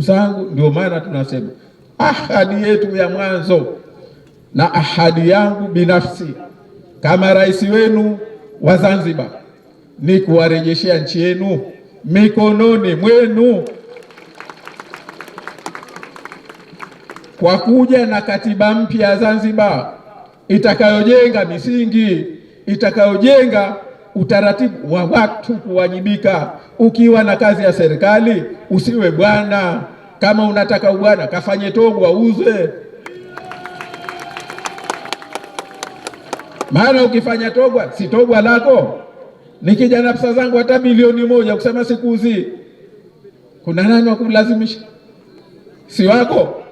zangu. Ndio maana tunasema ahadi yetu ya mwanzo na ahadi yangu binafsi kama rais wenu wa Zanzibar ni kuwarejeshea nchi yenu mikononi mwenu kwa kuja na katiba mpya ya Zanzibar itakayojenga misingi itakayojenga utaratibu wa watu kuwajibika. Ukiwa na kazi ya serikali usiwe bwana kama unataka ubwana, kafanye togwa uze, maana ukifanya togwa si togwa lako. Nikija na pesa zangu hata milioni moja kusema sikuuzi, kuna nani wa kulazimisha? Si wako.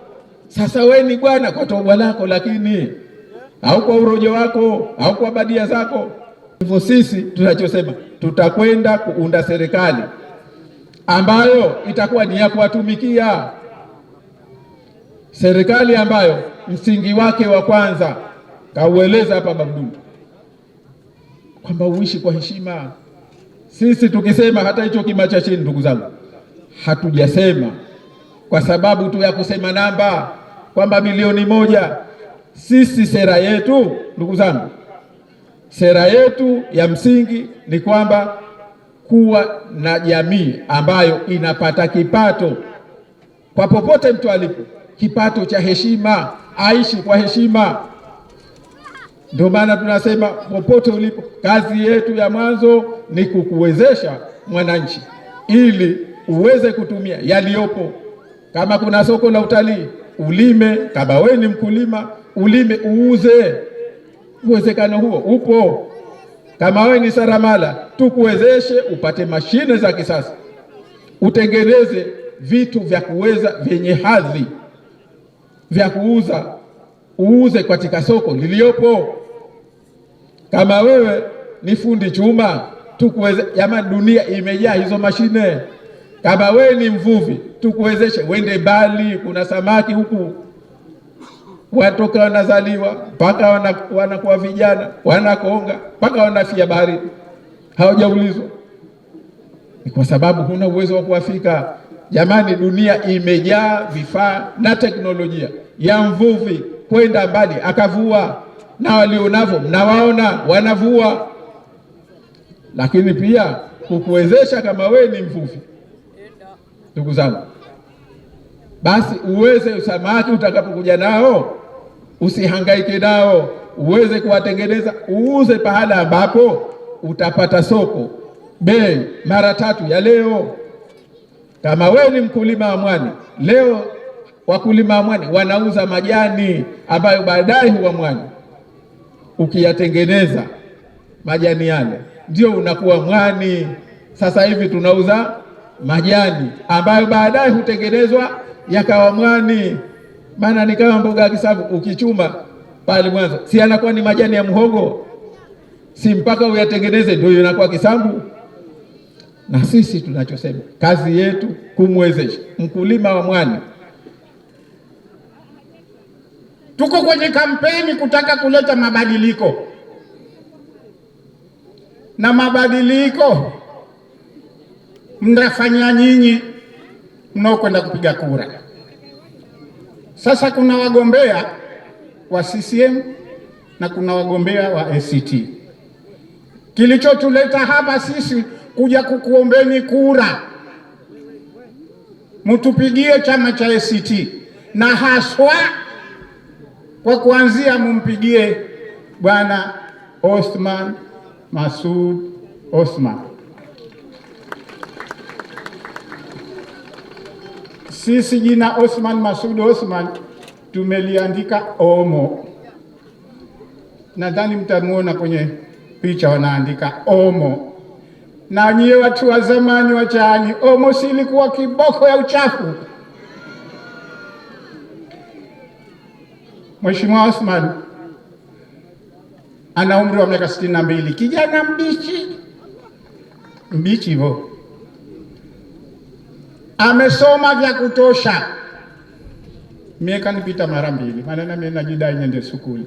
Sasa we ni bwana kwa togwa lako, lakini au kwa urojo wako au kwa badia zako. Hivyo sisi tunachosema tutakwenda kuunda serikali ambayo itakuwa ni ya kuwatumikia serikali ambayo msingi wake wa kwanza kaueleza hapa Babdu kwamba uishi kwa heshima. Sisi tukisema hata hicho kima cha chini, ndugu zangu, hatujasema kwa sababu tu ya kusema namba kwamba milioni moja. Sisi sera yetu, ndugu zangu, sera yetu ya msingi ni kwamba kuwa na jamii ambayo inapata kipato kwa popote mtu alipo, kipato cha heshima, aishi kwa heshima. Ndio maana tunasema popote ulipo, kazi yetu ya mwanzo ni kukuwezesha mwananchi, ili uweze kutumia yaliyopo. Kama kuna soko la utalii, ulime. Kama wewe ni mkulima, ulime, uuze. Uwezekano huo upo. Kama wewe ni saramala, tukuwezeshe upate mashine za kisasa, utengeneze vitu vya kuweza vyenye hadhi vya kuuza, uuze katika soko liliyopo. Kama wewe ni fundi chuma, tukuweze jamani, dunia imejaa hizo mashine. Kama wewe ni mvuvi, tukuwezeshe wende mbali, kuna samaki huku watoka wanazaliwa mpaka wanakuwa vijana wanakonga mpaka wanafia baharini, hawajaulizwa. Ni kwa sababu huna uwezo wa kuwafika. Jamani, dunia imejaa vifaa na teknolojia ya mvuvi kwenda mbali akavua, na walionavyo mnawaona wanavua, lakini pia kukuwezesha kama wewe ni mvuvi, ndugu zangu, basi uweze samaki utakapokuja nao usihangaike nao, uweze kuwatengeneza, uuze pahala ambapo utapata soko, bei mara tatu ya leo. Kama wewe ni mkulima wa mwani, leo wakulima wa mwani wanauza majani ambayo baadaye huwa mwani. Ukiyatengeneza majani yale ndio unakuwa mwani. Sasa hivi tunauza majani ambayo baadaye hutengenezwa yakawa mwani maana ni kama mboga ya kisafu ukichuma pale mwanzo, si anakuwa ni majani ya mhogo, si mpaka uyatengeneze ndio inakuwa kisambu. Na sisi tunachosema kazi yetu kumwezesha mkulima wa mwani. Tuko kwenye kampeni kutaka kuleta mabadiliko, na mabadiliko mnafanyia nyinyi mnaokwenda kupiga kura. Sasa kuna wagombea wa CCM na kuna wagombea wa ACT. Kilichotuleta hapa sisi kuja kukuombeni kura, mtupigie chama cha ACT na haswa kwa kuanzia mumpigie Bwana Othman Masoud Othman. Sisi jina osman masud osman tumeliandika Omo, nadhani mtamuona kwenye picha wanaandika Omo. Na nyie watu wa zamani wa Chaani, Omo si ilikuwa kiboko ya uchafu? Mheshimiwa osman ana umri wa miaka sitini na mbili, kijana mbichi mbichi hivyo amesoma vya kutosha. Mie kanipita mara mbili, maana mimi najidai niende sukuli.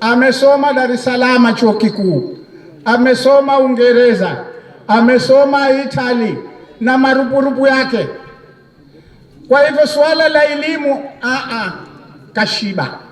Amesoma Dar es Salaam chuo kikuu, amesoma Uingereza, amesoma Itali na marupurupu yake. Kwa hivyo suala la elimu a a kashiba